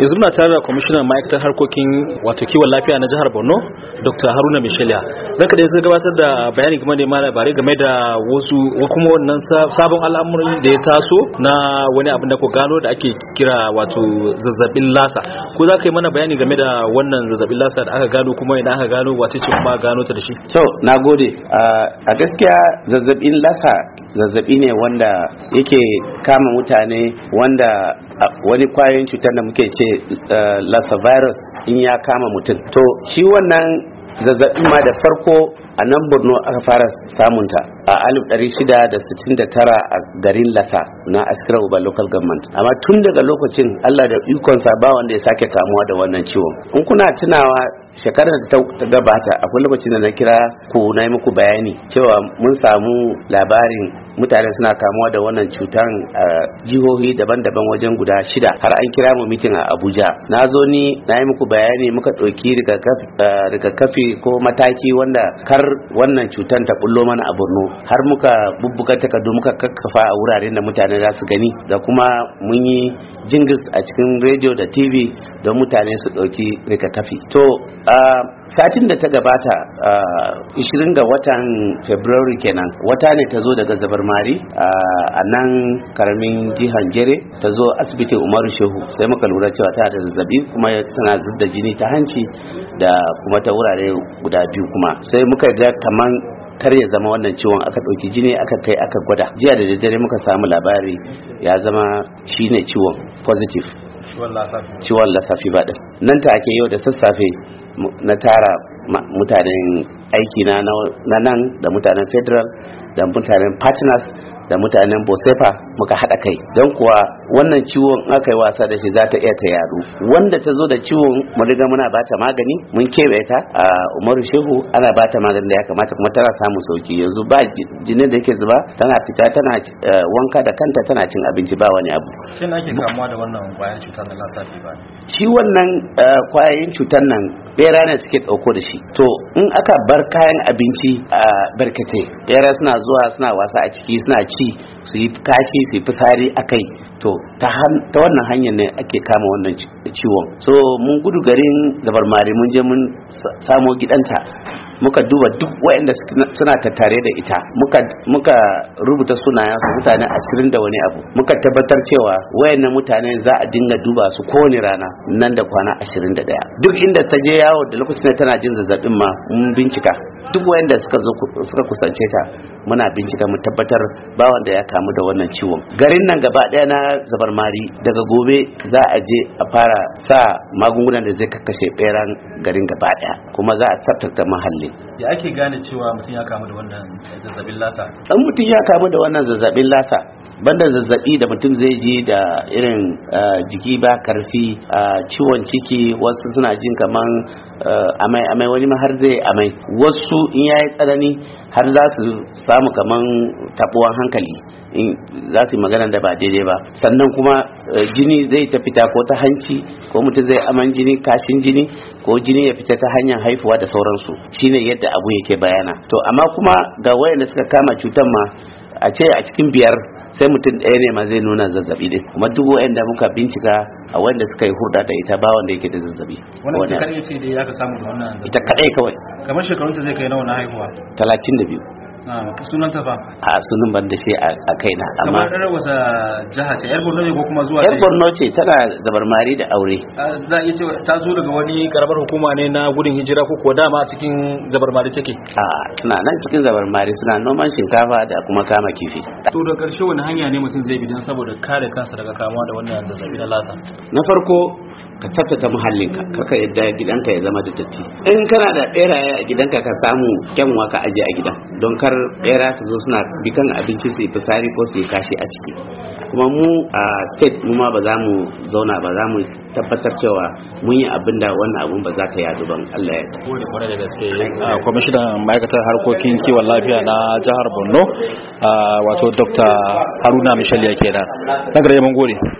yanzu muna tare da kwamishinan ma'aikatar harkokin wato kiwon lafiya na jihar borno dr haruna michelia zaka da suka gabatar da bayani game da ma labarai game da wasu kuma wannan sabon al'amuran da ya taso na wani abin da ku gano da ake kira wato zazzabin lasa ko za ka yi mana bayani game da wannan zazzabin lasa da aka gano kuma idan aka gano wace ce kuma gano ta da shi to na gode a gaskiya zazzabin lasa zazzabi ne wanda yake kama mutane wanda wani kwayoyin cutar da muke ce eh, lassa virus in ya kama mutum to shi wannan zazzabin ma da farko a nan borno aka fara samunta a 1669 a garin lasa na askirar uba local government amma tun daga lokacin allah da ikonsa ba wanda ya sake kamuwa da wannan ciwon in kuna tunawa shekarar da ta gabata akwai lokacin da na kira ku na yi muku bayani cewa mun samu labarin mutane suna kamuwa da wannan cutan a jihohi daban-daban wajen guda shida har an kira mu mitin a abuja na zo ni na yi muku bayani muka ɗauki rigakafi ko mataki wanda kar wannan cutan ta bullo mana a borno har muka bubbuka takardu muka kakkafa a wuraren da mutane za su gani da kuma mun yi jingles a cikin rediyo da tv don mutane su ɗauki rikatafi to a satin da ta gabata 20 ga watan february kenan wata ne ta zo daga zabar mari a nan karamin jihar jere ta zo asibitin umaru shehu sai muka lura cewa ta da zazzabi kuma tana zub da jini ta hanci da kuma ta wurare guda biyu kuma sai muka ga kaman kar ya zama wannan ciwon aka ɗauki jini aka kai aka gwada jiya da daddare muka samu labari ya zama shine ciwon positive ciwon lasafi ba din nan ta ake yau da sassafe na tara mutanen aiki na nan da mutanen federal da mutanen partners da mutanen bosefa muka haɗa kai don kuwa wannan ciwon aka yi wasa da shi za ta iya ta yadu wanda ta zo da ciwon mu riga muna bata magani mun keɓe ta a umaru shehu ana bata magani da ya kamata kuma tana samun sauki yanzu ba jini da yake zuba tana fita tana eh, wanka da kanta tana cin abinci ba wani abu shin ake kamuwa da wannan kwayan cutar da lasafi ba shi wannan kwayoyin eh, cutar nan bera ne suke dauko da shi to in aka bar kayan abinci a barkate bera suna zuwa suna wasa a ciki suna ci su yi kashi su yi fitsari a kai to ta wannan hanyar ne ake kama wannan ciwon so mun gudu garin zabar mare mun je mun samo gidanta muka duba duk waɗanda suna tattare da ita muka rubuta sunayen su mutane ashirin da wani abu muka tabbatar cewa wayannan mutane za a dinga duba su kowane rana nan da kwana ashirin da ɗaya duk inda ta je yawo da lokacin da tana jin zazzabin ma mun bincika duk wanda suka suka kusance ta muna bincika mu tabbatar ba wanda ya kamu da wannan ciwon garin nan gaba daya na zabar mari daga gobe za a je a fara sa magungunan da zai kakkashe beran garin gaba daya kuma za a tsaftace muhalli ya ake gane cewa mutum ya kamu da wannan zazzabin lasa dan mutum ya kamu da wannan zazzabin lasa banda zazzabi da mutum zai ji da irin eh, jiki ba karfi eh, ciwon ciki wasu suna jin kaman eh, amai amai wani har zai amai wasu in yayi tsanani har za su samu kamar tabuwan hankali in za su yi magana da ba daidai ba sannan kuma jini zai ta fita ko ta hanci ko mutum zai aman jini kashin jini ko jini ya fita ta hanyar haifuwa da sauransu shine yadda abu yake bayana to amma kuma ga wayanda suka kama cutar ma a ce a cikin biyar sai mutum ɗaya ne ma zai nuna zazzabi din kuma duk wa'anda muka bincika a wanda suka yi hurda da ita ba wanda yake da zazzabi wanda ita kadai ce da ya ka samu da wannan zazzabi ita kadai kawai kamar shekarun ta zai kai nawa na haihuwa 32 a sunan ta ba a sunan ban da shi a kaina amma kamar ɗan wata jaha ce yar borno ne ko kuma zuwa yar borno ce tana zabarmari da aure ah, za a iya cewa ta zo daga wani karamar hukuma ne na gudun hijira ko kuwa dama cikin zabarmari take a suna nan cikin zabarmari suna noman shinkafa da kuma kama kifi to da karshe wani hanya ne mutum zai bi don saboda kare kansa daga kamuwa da wannan zazzabi na lasa na farko ka muhallin muhallinka karka yadda gidanka ya zama da datti in kana da beraye a gidanka ka samu kyanwa ka aje a gidan don kar bera su zo suna bikan abinci su yi fitsari ko su yi kashi a ciki kuma mu a state mu ma ba za mu zauna ba za mu tabbatar cewa mun yi abin da wannan abun ba za ta yadu ban Allah ya da gaske kwamishinan ma'aikatar harkokin kiwon lafiya na jihar Borno wato Dr. Haruna Mishaliya da nagare mun gode